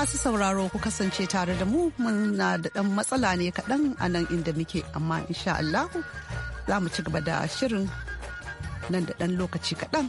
masu sauraro ku kasance tare da mu muna da dan matsala ne kaɗan a nan inda muke amma insha Allahu za mu ci gaba da shirin nan da ɗan lokaci kaɗan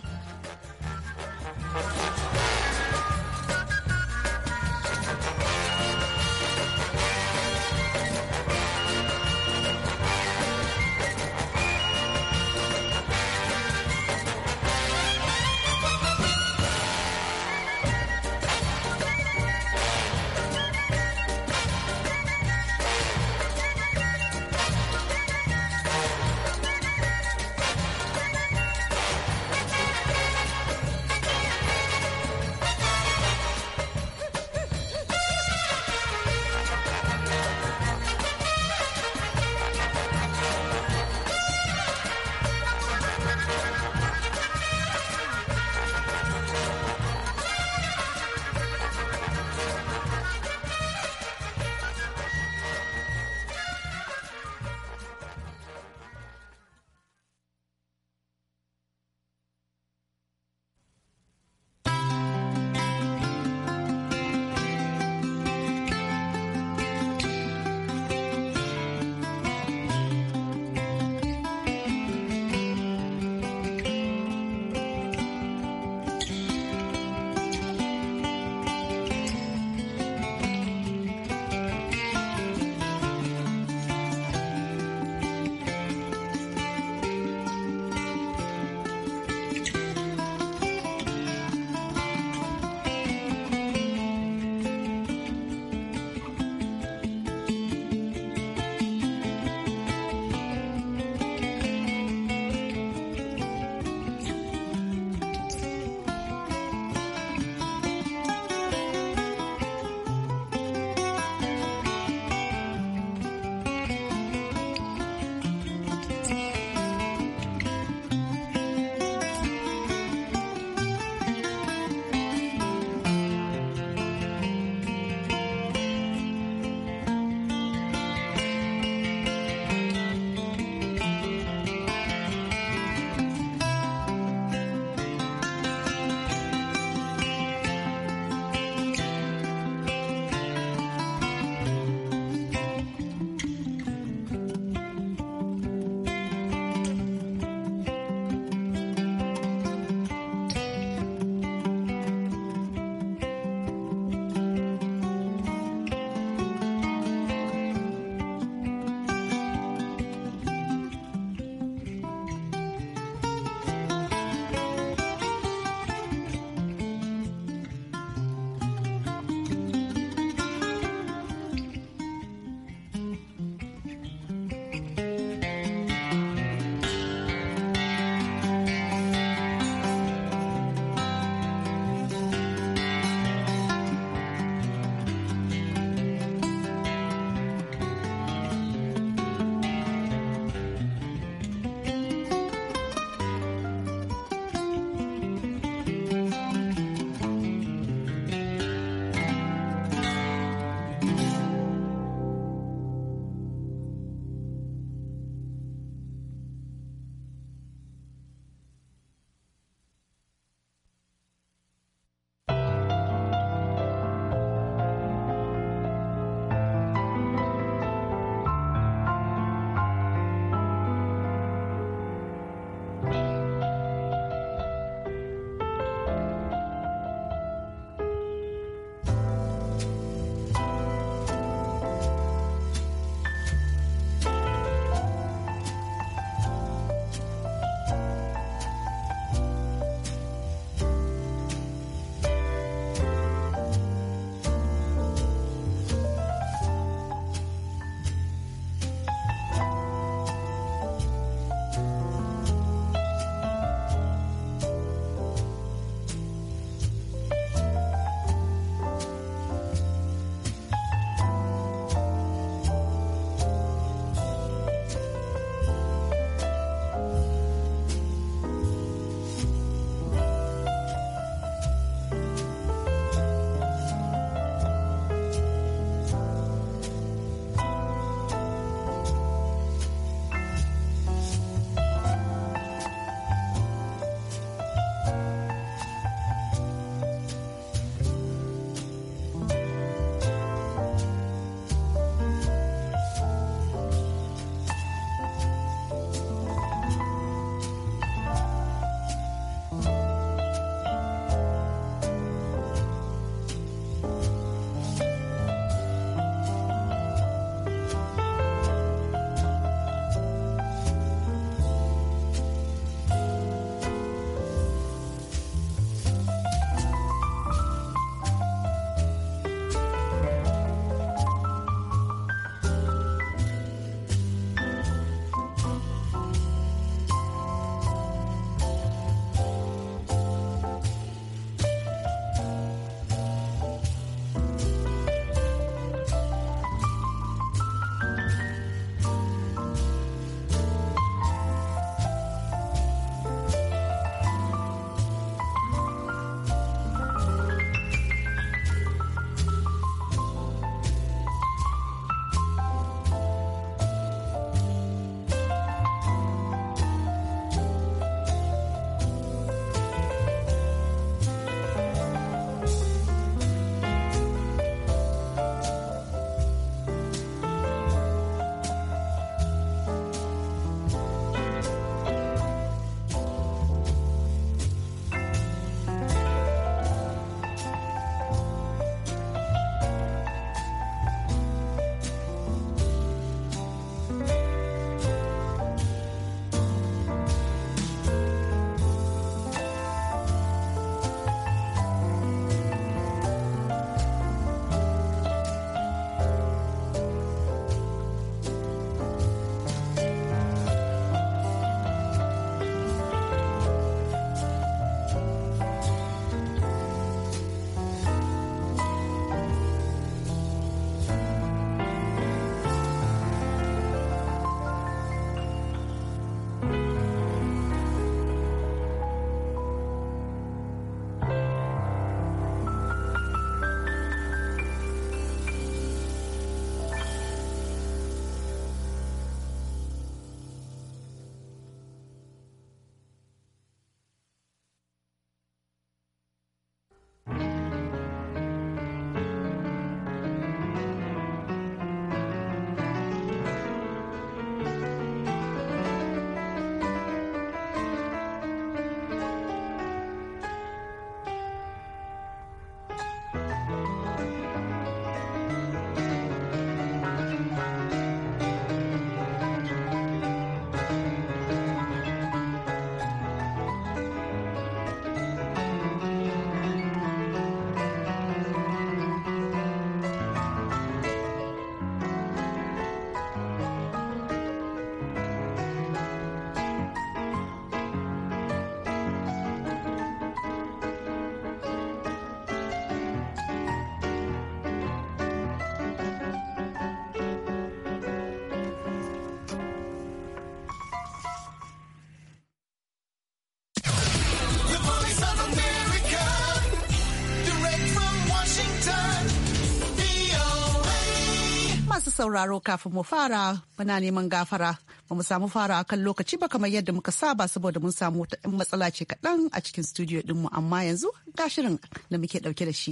sauraro kafin mu fara muna neman gafara ba mu samu fara a kan lokaci ba kamar yadda muka saba saboda mun samu wata matsala ce kaɗan a cikin studio ɗinmu amma yanzu ga shirin da muke ɗauke da shi.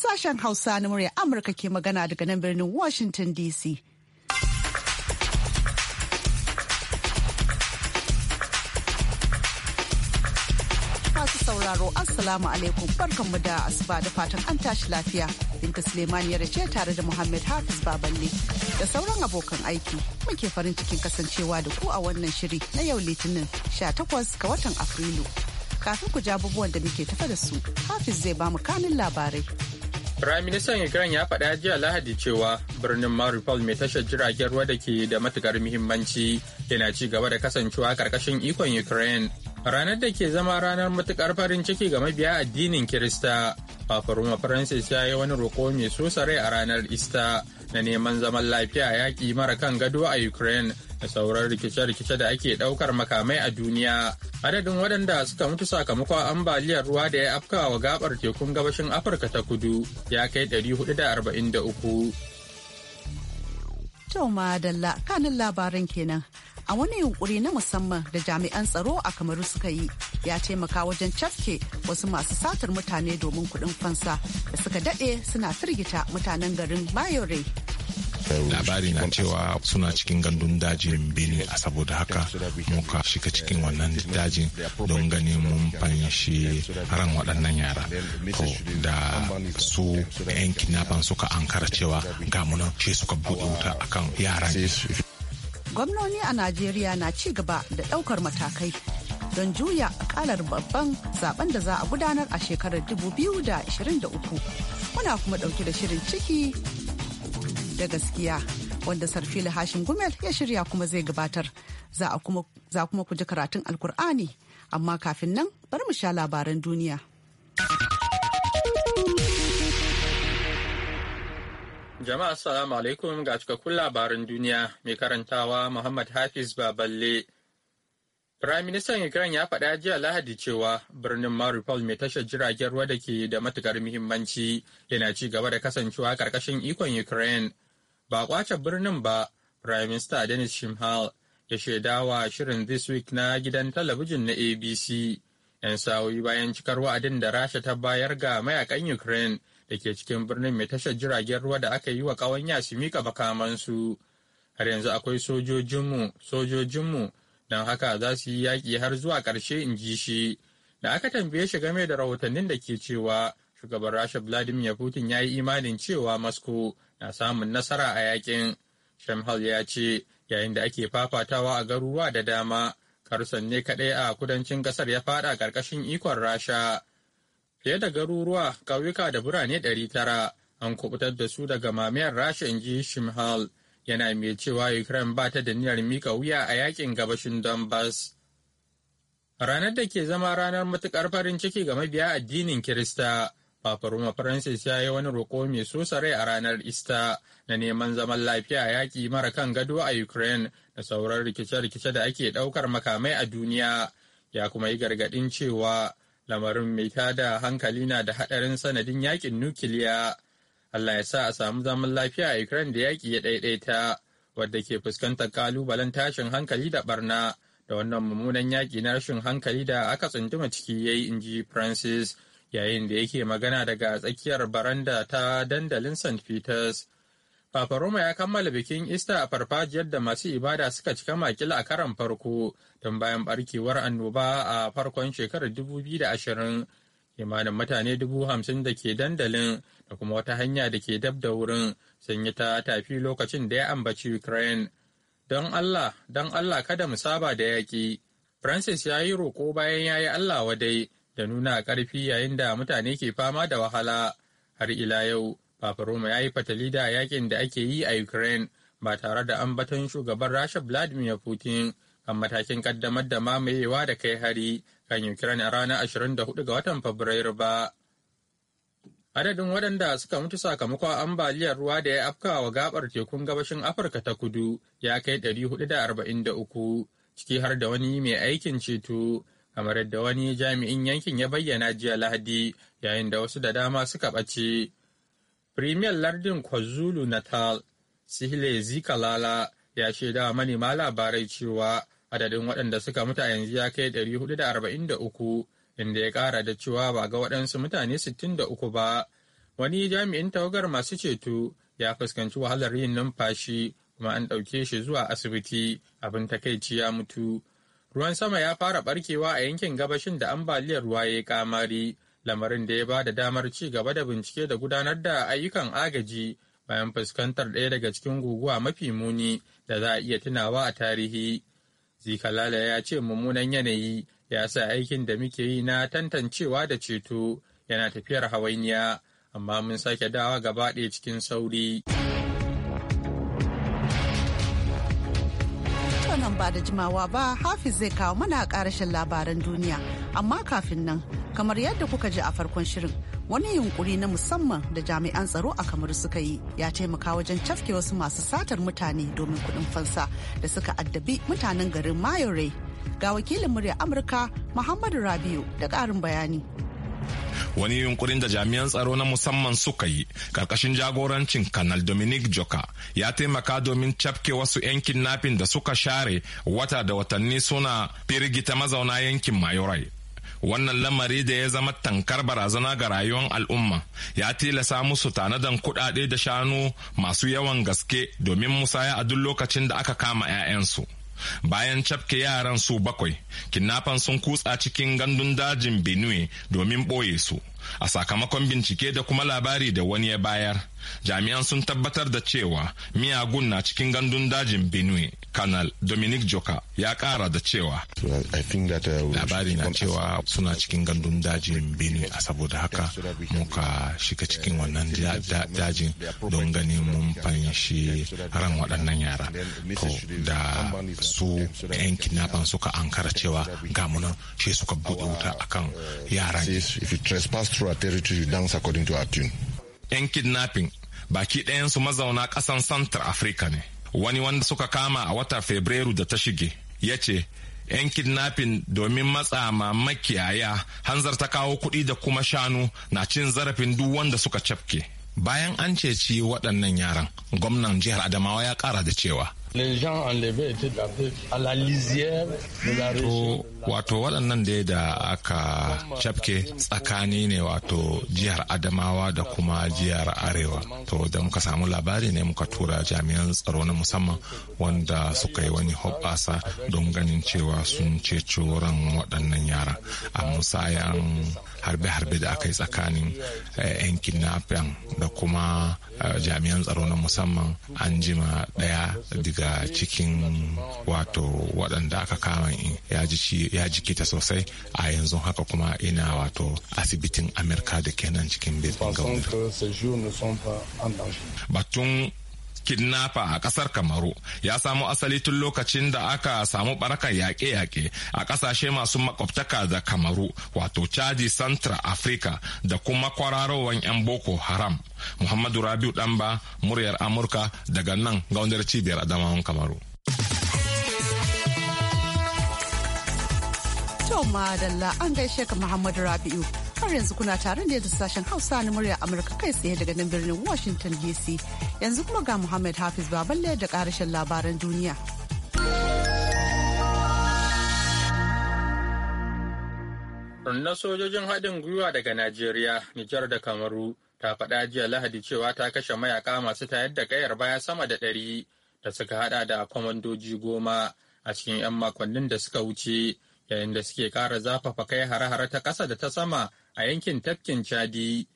Sashen Hausa na murya Amurka ke magana daga nan birnin Washington DC. sauraro Assalamu alaikum barkanmu da asuba da fatan an tashi lafiya. Binta ya race tare da Muhammad Hafiz Baballe da sauran abokan aiki muke farin cikin kasancewa da ku a wannan shiri na yau Litinin 18 ga watan Afrilu. Kafin ku ja abubuwan da muke tafa da su, Hafiz zai ba mu kanin labarai. Firaministan Ukraine ya faɗa jiya Lahadi cewa birnin Mariupol mai tashar jiragen ruwa da ke da matukar muhimmanci yana ci gaba da kasancewa karkashin ikon Ukraine ranar da ke zama ranar matukar farin ciki ga mabiya addinin Kirista. Papa Roma Francis ya yi wani roƙo mai sosa rai a ranar Ista na neman zaman lafiya yaƙi mara kan gado a Ukraine da sauran rikice-rikice da ake ɗaukar makamai a duniya. Adadin waɗanda suka mutu sakamakon ambaliyar ruwa da ya afkawa gabar tekun gabashin Afirka ta kudu ya kai 443. Tau Madalla, kanin labaran kenan. a wani yunkuri na musamman da jami'an tsaro a kamaru suka yi ya taimaka wajen cafke wasu masu satar mutane domin kuɗin fansa da suka daɗe suna firgita mutanen garin bayore labari na cewa suna cikin gandun dajin bene a saboda haka muka shiga cikin wannan dajin don gani mun fanshi ran waɗannan yara to da su 'yan kidnappers suka ankara cewa gamunan ce suka buɗe wuta akan yaran gwamnoni a najeriya na ci gaba da daukar matakai don juya akalar babban zaben da za a gudanar a shekarar 2023 muna kuma dauke da shirin ciki da gaskiya wanda sarfili hashin gumel ya shirya kuma zai gabatar za kuma ku ji karatun alkur'ani amma kafin nan bari mu sha labaran duniya Jama'a assalamu alaikum ga cikakkun labaran duniya mai karantawa Muhammad Hafiz Baballe. Prime Minister Ukraine ya faɗa jiya Lahadi cewa birnin Mariupol mai tashar jiragen ruwa da ke da matukar muhimmanci yana ci gaba da kasancewa karkashin ikon Ukraine. Ba kwace birnin ba, Prime Minister Denis Shimhal ya shaidawa shirin This Week na gidan talabijin na ABC. 'Yan sa'o'i bayan cikar wa'adin da Rasha ta bayar ga mayakan Ukraine da ke cikin birnin mai tashar jiragen ruwa da aka yi wa ƙawanya su mika makamansu har yanzu akwai sojojinmu sojojinmu don haka za su yi yaƙi har zuwa ƙarshe in ji shi da aka tambaye shi game da rahotannin da ke cewa shugaban rasha vladimir putin ya yi imanin cewa moscow na samun nasara a yakin shamhal ya ce yayin da ake fafatawa a garuruwa da dama karsan ne kaɗai a kudancin ƙasar ya faɗa ƙarƙashin ikon rasha fiye da garuruwa ƙauyuka da birane ɗari an kubutar da su daga mamayar rasha in ji shimhal yana mai cewa ukraine ba ta da niyyar mika wuya a yakin gabashin donbass ranar da ke zama ranar matukar farin ciki ga mabiya addinin kirista Papa Roma Francis ya yi wani roƙo mai sosa rai a ranar Ista na neman zaman lafiya a yaƙi mara kan gado a Ukraine da sauran rikice-rikice da ake ɗaukar makamai a duniya. Ya kuma yi gargaɗin cewa lamarin mai tada hankali na da hadarin sanadin yakin nukiliya allah ya sa a samu zaman lafiya a ukraine da yaki ya ɗaiɗaita wadda ke fuskantar kalubalen tashin hankali da barna da wannan mummunan yaƙi na rashin hankali da aka tsunduma ciki ya yi inji francis yayin da yake magana daga tsakiyar baranda ta dandalin st peters Papa Roma ya kammala bikin Ista a farfajiyar da masu ibada suka cika makila a karan farko don bayan barkewar annoba a farkon shekarar 2020. Kimanin mutane dubu da ke dandalin da kuma wata hanya da ke dab da wurin sun yi ta tafi lokacin da ya ambaci Ukraine. Don Allah, don Allah kada mu saba da yaƙi. Francis ya yi roƙo bayan ya yi Allah wadai da nuna ƙarfi yayin da mutane ke fama da wahala har ila yau. Roma ya yi fatali da yakin da ake yi a Ukraine ba tare da ambaton shugaban Rasha Vladimir Putin kan matakin kaddamar da mamayewa da kai hari kan Ukraine a ranar 24 ga watan Fabrairu ba. Adadin waɗanda suka mutu sakamakon ambaliyar ruwa da ya afka wa gabar tekun gabashin Afirka ta kudu ya kai 443 ciki har da wani mai aikin ceto kamar yadda wani jami'in yankin ya bayyana jiya Lahadi yayin da wasu da dama suka ɓace. Premier lardin KwaZulu Natal, Sihle Zikalala ya shaida manema labarai cewa adadin waɗanda suka mutu a yanzu ya kai 443 inda ya ƙara da cewa ba ga waɗansu mutane 63 ba. Wani jami'in tawagar masu ceto ya fuskanci wahalar yin numfashi kuma an ɗauke shi zuwa asibiti abin takaici ya mutu. Ruwan sama ya fara barkewa a yankin gabashin da ambaliyar ruwa ya kamari lamarin da ya ba da damar ci gaba da bincike da gudanar da ayyukan agaji bayan fuskantar ɗaya daga cikin guguwa mafi muni da za a iya tunawa a tarihi. Zikalala ya ce mummunan yanayi ya sa aikin da muke yi na tantancewa da ceto yana tafiyar hawainiya, amma mun sake dawa gaba ɗaya cikin sauri. ba da jimawa ba hafiz zai kawo mana karashin labaran duniya amma kafin nan kamar yadda kuka ji a farkon shirin wani yunkuri na musamman da jami'an tsaro a kamar suka yi ya taimaka wajen cafke wasu masu satar mutane domin kudin fansa da suka addabi mutanen garin mayore ga wakilin murya amurka muhammadu rabiu da ƙarin bayani wani yunkurin da jami'an tsaro na musamman suka yi karkashin jagorancin kanal dominic joka ya taimaka domin cafke wasu yankin nafin da suka share wata da watanni suna firgita mazauna yankin mayorai wannan lamari da ya zama tankar barazana ga rayuwar al'umma ya tilasa musu tanadan kudade da shanu masu yawan gaske domin musaya a duk lokacin da aka kama 'ya'yansu. bayan cafke yaran su bakwai kinnafan sun kutsa cikin gandun dajin benue domin ɓoye su a sakamakon bincike da kuma labari da wani ya bayar jami'an sun tabbatar da cewa miyagun na cikin gandun dajin benue kanal dominic joka ya kara da cewa uh, labari na cewa suna cikin gandun dajin benue a saboda haka muka shiga cikin uh, wannan dajin don ganin mun fanshi ran waɗannan yara to da su 'yan kidnappers suka ankara cewa uh, gamunan shi suka buɗe wuta akan yaran through territory dance according to our tune. 'Yan kidnapping baki ɗayansu mazauna ƙasan Central Africa ne. Wani wanda suka kama a wata Fabrairu da ta shige ya ce 'yan kidnapping domin matsa ma makiyaya hanzar ta kawo kuɗi da kuma shanu na cin zarafin duk wanda suka cafke. Bayan an ceci waɗannan yaran, gwamnan jihar Adamawa ya ƙara da cewa To, wato waɗannan dai da aka cafke tsakani ne wato jihar Adamawa da kuma jihar Arewa. To, da muka samu labari ne muka tura jami'an tsaro na musamman wanda suka yi wani hobbasa don ganin cewa sun ce ran waɗannan yara. A musayan harbe-harbe da aka yi tsakanin eh, 'yan kidnapping da kuma eh, jami'an tsaro na musamman an jima daya daga cikin wato waɗanda aka kama ya jikita sosai a yanzu haka kuma ina wato asibitin amurka da kenan cikin birnin batun kidnapper a kasar kamaru ya samo asali tun lokacin da aka samu barakar yaƙe-yaƙe a ƙasashe masu makwabtaka da kamaru wato chadi central africa da kuma kwararowar 'yan boko haram muhammadu rabiu ɗanba muryar amurka daga nan gaunar cibiyar adamawan kamaru to madalla an gaishe ka muhammadu rabiu har yanzu kuna tare da sashen hausa na murya amurka kai tsaye daga nan birnin washington dc yanzu kuma ga muhammad hafiz baballe da karashen labaran duniya na sojojin haɗin gwiwa daga najeriya nijar da kamaru ta faɗa jiya lahadi cewa ta kashe mayaka masu tayar da kayar baya sama da ɗari da suka haɗa da kwamandoji goma a cikin 'yan makonnin da suka wuce yayin da suke kara zafafa kai hare-hare ta ƙasa da ta sama a yankin tafkin Chadi.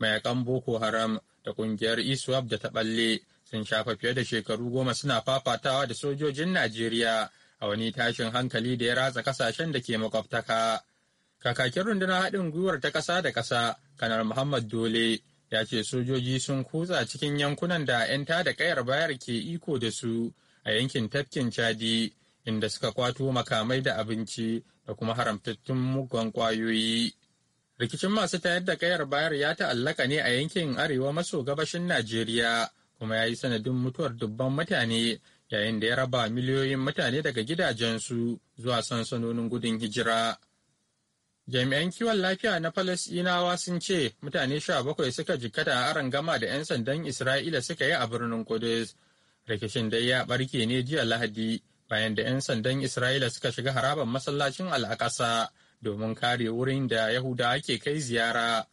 Mayakan Boko Haram da kungiyar ISWAP da ta ɓalle sun shafa fiye da shekaru goma suna fafatawa da sojojin Najeriya a wani tashin hankali da ya ratsa ƙasashen da ke makwabtaka. Kakakin rundunar haɗin gwiwar ta ƙasa da ƙasa, Kanar Muhammad Dole, ya ce sojoji sun kutsa cikin yankunan da 'yan da kayar bayar ke iko da su a yankin tafkin Chadi inda suka kwato makamai da abinci da kuma haramtattun mugun kwayoyi. Rikicin masu tayar da kayar bayar ya ta'allaka ne a yankin arewa maso gabashin Najeriya kuma ya yi sanadin mutuwar dubban mutane yayin da ya raba miliyoyin mutane daga gidajensu zuwa sansanonin gudun hijira. Jami'an kiwon lafiya na Falasɗinawa sun ce mutane sha bakwai suka jikkata a gama da 'yan sandan Isra'ila suka yi a birnin Kudus. Rikicin dai ya ɓarke ne jiya Lahadi bayan da 'yan sandan Isra'ila suka shiga harabar masallacin al'aƙasa domin kare wurin da Yahuda ake kai ziyara.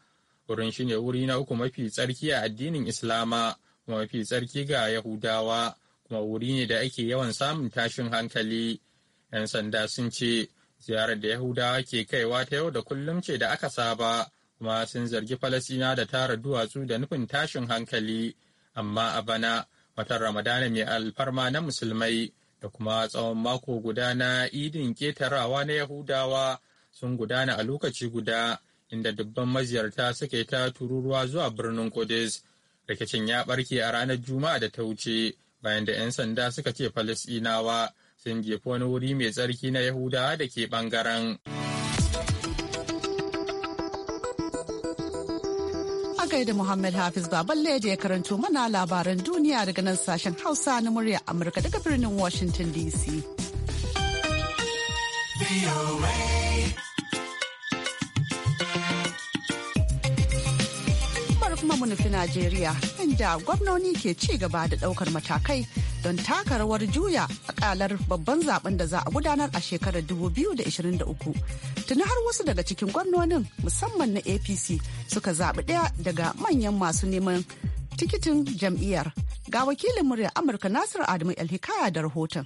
Wurin shi ne wuri na uku mafi tsarki a addinin Islama kuma mafi tsarki ga Yahudawa kuma wuri ne da ake yawan samun tashin hankali. 'Yan sanda sun ce ziyarar da Yahudawa ke kaiwa ta yau da kullum ce da aka saba kuma sun zargi Falasina da tara duwatsu da nufin tashin hankali. Amma a bana watan Ramadana mai alfarma na musulmai da kuma tsawon mako guda na idin ketarawa na yahudawa sun gudana a lokaci guda inda dubban maziyarta suke ta tururuwa zuwa birnin Kudus. Rikicin ya barke a ranar Juma'a da ta wuce bayan da 'yan sanda suka ce Falasɗinawa sun jefi wani wuri mai tsarki na Yahudawa da ke ɓangaren. da Muhammad Hafiz Baballe da ya karanto mana labaran duniya daga nan sashen Hausa na murya Amurka daga birnin Washington DC. kuma mu nufi Najeriya inda gwamnoni ke ci gaba da ɗaukar matakai don taka rawar juya akalar babban zaben da za a gudanar a shekarar 2023 tuni har wasu daga cikin gwamnonin musamman na apc suka zaɓi ɗaya daga manyan masu neman tikitin jam'iyyar ga wakilin murya amurka nasiru adamu hikaya da rahoton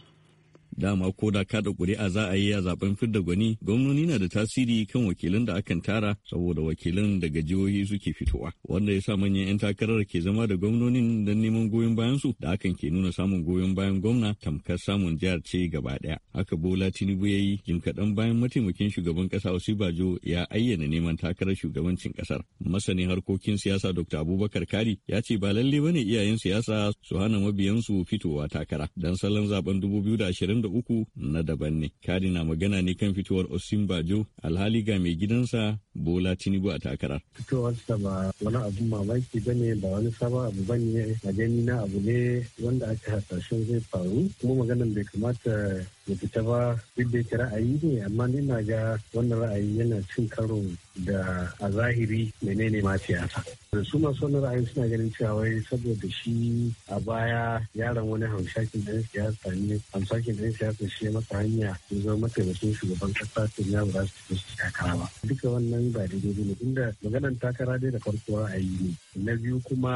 dama ko da kada ƙuri'a za a yi a zaben fidda gwani gwamnoni na da tasiri kan wakilan da akan tara saboda wakilan daga jihohi suke fitowa wanda ya sa manyan 'yan takarar ke zama da gwamnonin don neman goyon bayan su da hakan ke nuna samun goyon bayan gwamna tamkar samun jihar ce gaba ɗaya haka bola tinubu ya yi jim kaɗan bayan mataimakin shugaban ƙasa osibajo ya ayyana neman takarar shugabancin ƙasar masanin harkokin siyasa dr abubakar kari ya ce ba lalle ne iyayen siyasa su hana mabiyansu fitowa takara dan salon zaben 2020 uku na daban ne. Kari na magana ne kan fitowar Osimbajo alhali ga mai gidansa Bola Tinubu a takara. Fitowarsa ba wani abu mamaki ba ne ba wani sabon abu ba ne a gani na abu ne wanda aka hasashen zai faru kuma maganan bai kamata ya fita ba duk da yake ra'ayi ne amma ni na ga wannan ra'ayi yana cin karo da a zahiri menene ma siyasa. Da su masu wannan ra'ayi suna ganin cewa wai saboda shi a baya yaron wani hamshakin ɗan siyasa ne hamshakin ɗan siyasa shi ya masa hanya ya zama mataimakin shugaban ƙasa ta ya ba su tafi su takara ba. Duka wannan yi ba daidai ba ne inda maganar takara dai da farko yi ne na biyu kuma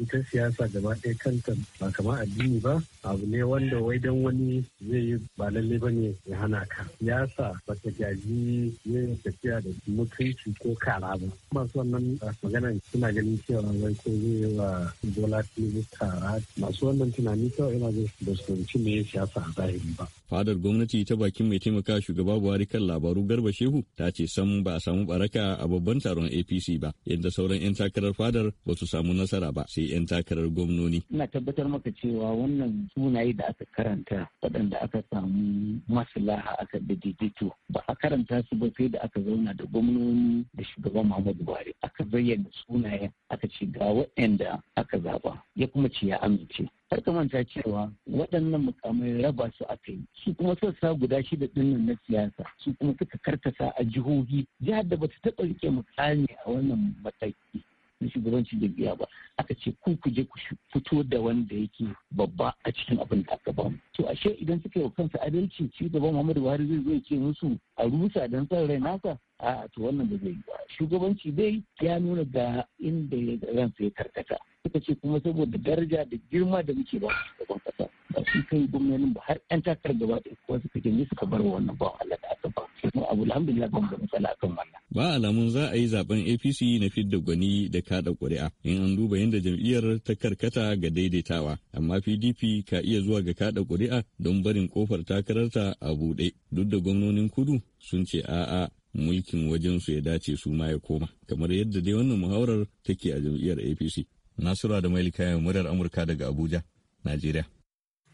ita siyasa gaba ɗaya kanta ba kama addini ba abu ne wanda wai dan wani zai yi ba lalle ba ne ya hana ka siyasa ba ta gaji yin tafiya da mutunci ko kara ba masu wannan maganar suna ganin cewa wai ko zai yi wa bola tinubu tara. masu wannan tunani kawai ina zai da su me siyasa a zahiri ba fadar gwamnati ta bakin mai taimaka shugaba buhari kan labaru garba shehu ta ce san ba a samu bara waraka a babban taron apc ba yadda sauran 'yan takarar fadar ba su samu nasara ba sai 'yan takarar gwamnoni ina tabbatar maka cewa wannan sunaye da aka karanta waɗanda aka samu maslaha aka da daidaito ba a karanta su ba sai da aka zauna da gwamnoni da shugaban muhammadu buhari aka bayyana sunaye aka ce ga waɗanda aka zaba ya kuma ce ya amince har ka manta cewa waɗannan mukamai raba su aka yi su kuma sassa guda shida ɗinnan na siyasa su kuma suka karkasa a jihohi jihar da bata taɓa rike mukami a wannan mataki na shugabancin jam'iyya ba aka ce ku ku je ku fito da wanda yake babba a cikin abin da aka bamu to ashe idan suka yi kansu adalci shi gaban Muhammadu Buhari zai zo ce musu a rusa don san rai nasa a to wannan ba zai yi ba shugabanci dai ya nuna da inda ransa ya karkata suka ce kuma saboda daraja da girma da muke ba shugaban kasa ba shi kai gwamnanin ba har yan takar gaba ɗaya kuma suka janye suka bar wannan ba Allah da aka ba kuma abu alhamdulillah ban da matsala akan wannan ba alamun za a yi zaben APC na fidda gwani da kada ƙuri'a in an duba yadda jam'iyyar ta karkata ga daidaitawa amma PDP ka iya zuwa ga kada ƙuri'a don barin kofar takararta a buɗe duk da gwamnonin kudu sun ce a'a mulkin wajensu ya dace su ma ya koma kamar yadda dai wannan muhawarar take a jam'iyyar apc nasura da mailika murar amurka daga abuja najeriya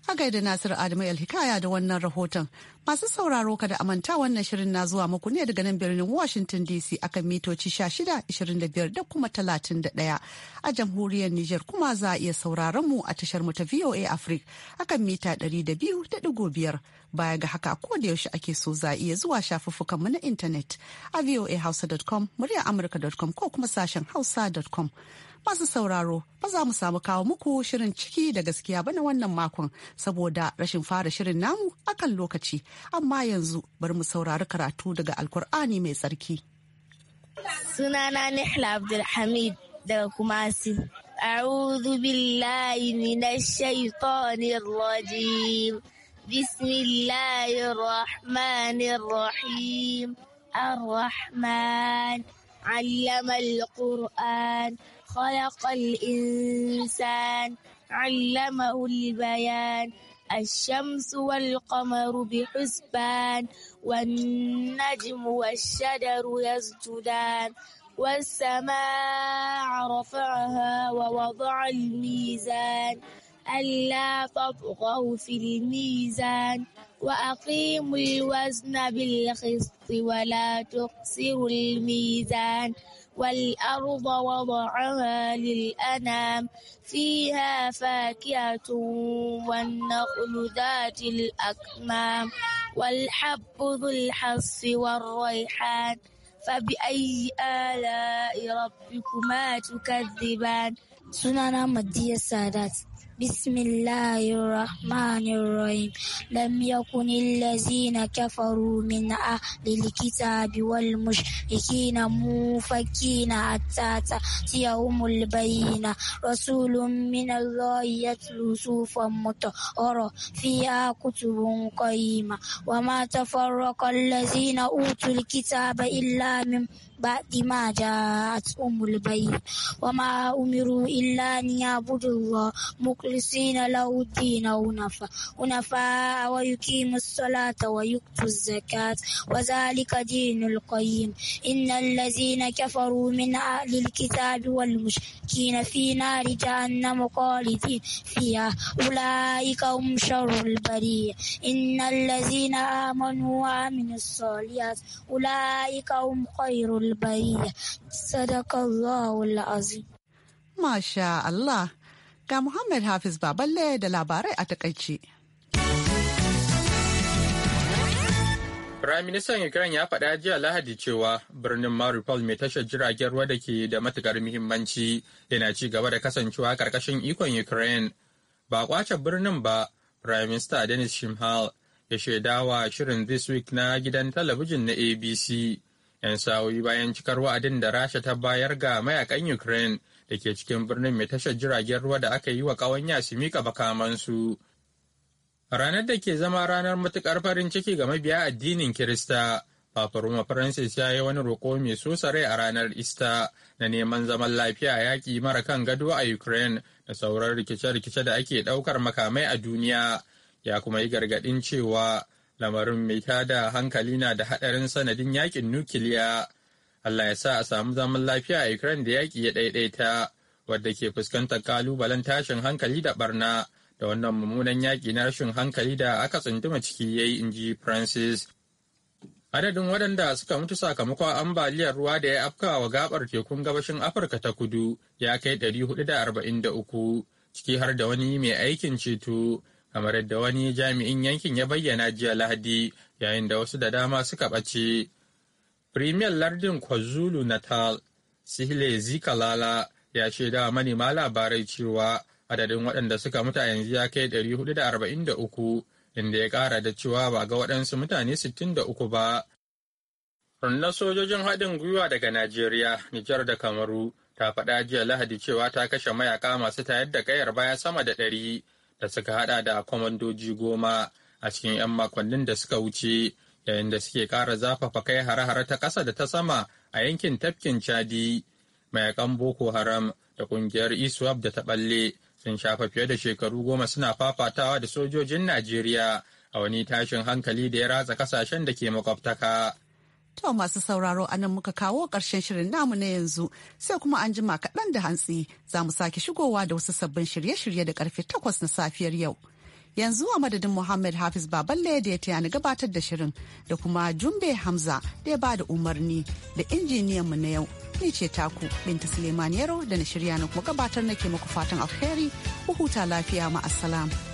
a gaida Nasiru Adamu Hikaya da wannan rahoton. Masu sauraro kada a manta wannan shirin na zuwa muku ne daga nan birnin Washington DC akan mitoci 16, 25 da kuma 31. A jamhuriyar Nijar kuma za a iya sauraron mu a tashar mu ta VOA Africa akan mita 200.5. Baya ga haka ko da yaushe ake so za a iya zuwa shafuffukan mu na intanet a voahausa.com, muryar amurka.com ko kuma sashen hausa.com. masu sauraro ba za mu samu kawo muku shirin ciki da gaskiya ba na wannan makon saboda rashin fara shirin namu akan lokaci amma yanzu bari mu saurari karatu daga alkur'ani mai tsarki sunana nihla abdulhamid daga kumasi أعوذ بالله من الشيطان الرجيم بسم الله الرحمن الرحيم الرحمن علم القرآن خلق الإنسان علمه البيان الشمس والقمر بحسبان والنجم والشجر يسجدان والسماء رفعها ووضع الميزان ألا تطغوا في الميزان وأقيموا الوزن بالقسط ولا تخسروا الميزان والأرض وضعها للأنام فيها فاكهة والنخل ذات الأكمام والحب ذو الحص والريحان فبأي آلاء ربكما تكذبان سنانا مدية السادات بسم الله الرحمن الرحيم لم يكن الذين كفروا من أهل الكتاب والمشركين موفكين حتى تأتيهم البينة رسول من الله يتلو صوفا مطهرا فيها كتب قيمة وما تفرق الذين أوتوا الكتاب إلا من بعد ما جاءتهم البينة وما أمروا إلا أن يعبدوا الله مخلصين مخلصين له الدين ونفع ويقيم الصلاة ويؤتوا الزكاة وذلك دين القيم إن الذين كفروا من أهل الكتاب والمشركين في نار جهنم خالدين فيها أولئك هم شر البرية إن الذين آمنوا وعملوا الصالحات أولئك هم خير البرية صدق الله العظيم ما شاء الله Ga Muhammad Hafiz Baballe da labarai a takaice. Firaministan Ukraine ya faɗa jiya Lahadi cewa birnin Mariupol mai tashar jiragen ruwa da ke da matukar muhimmanci yana ci gaba da kasancewa karkashin ikon Ukraine. Ba kwace birnin ba, Firaminista Denis Shimhal ya shaidawa shirin This Week na gidan talabijin na ABC. 'Yan sa'o'i bayan cikar wa'adin da Rasha ta bayar ga mayakan Ukraine da ke cikin birnin mai tashar jiragen ruwa da aka yi wa ƙawanya su mika makamansu. Ranar da ke zama ranar matuƙar farin ciki ga mabiya addinin Kirista, Papa Roma Francis ya yi wani roƙo mai sosa rai a ranar Ista na neman zaman lafiya yaƙi mara kan gado a Ukraine da sauran rikice-rikice da ake ɗaukar makamai a duniya. Ya kuma yi gargaɗin cewa lamarin mai tada hankali na da haɗarin sanadin yaƙin nukiliya. Allah ya sa a samu zaman lafiya a Ukraine da yaƙi ya ɗaiɗaita wadda ke fuskantar kalubalen tashin hankali da barna da wannan mummunan yaƙi na rashin hankali da aka tsunduma ciki ya yi inji Francis. Adadin waɗanda suka mutu sakamakon ambaliyar ruwa da ya afka wa gabar tekun gabashin Afirka ta kudu ya kai 443 ciki har da wani mai aikin ceto kamar yadda wani jami'in yankin ya bayyana jiya Lahadi yayin da wasu da dama suka ɓace. Premier lardin kwazulu natal sihle zikalala ya shaida manema labarai cewa adadin waɗanda suka mutu yanzu ya kai 443 inda ya ƙara da cewa ba ga waɗansu mutane 63 ba. Rundunar sojojin haɗin gwiwa daga Najeriya, Nijar da Kamaru ta faɗa jiya Lahadi cewa ta kashe mayaka masu tayar da ƙayar baya sama da ɗari da suka haɗa da kwamandoji goma a cikin 'yan makonnin da suka wuce yayin da suke kara zafafa kai hare-hare ta ƙasa da ta sama a yankin tafkin chadi mayakan boko haram da ƙungiyar iswap da ta ɓalle sun shafa fiye da shekaru goma suna fafatawa da sojojin najeriya a wani tashin hankali da ya ratsa ƙasashen da ke makwabtaka To masu sauraro a nan muka kawo ƙarshen shirin namu na yanzu sai kuma an jima kaɗan da hantsi za mu sake shigowa da wasu sabbin shirye-shirye da ƙarfe takwas na safiyar yau. yanzu a madadin Muhammad Hafiz Baballe da ya tayani gabatar da shirin da kuma Jumbe Hamza da ya bada umarni da injiniyan mu na yau ni ce taku Binta Suleiman Yaro da na shirya na kuma gabatar nake muku fatan alheri ku huta lafiya ma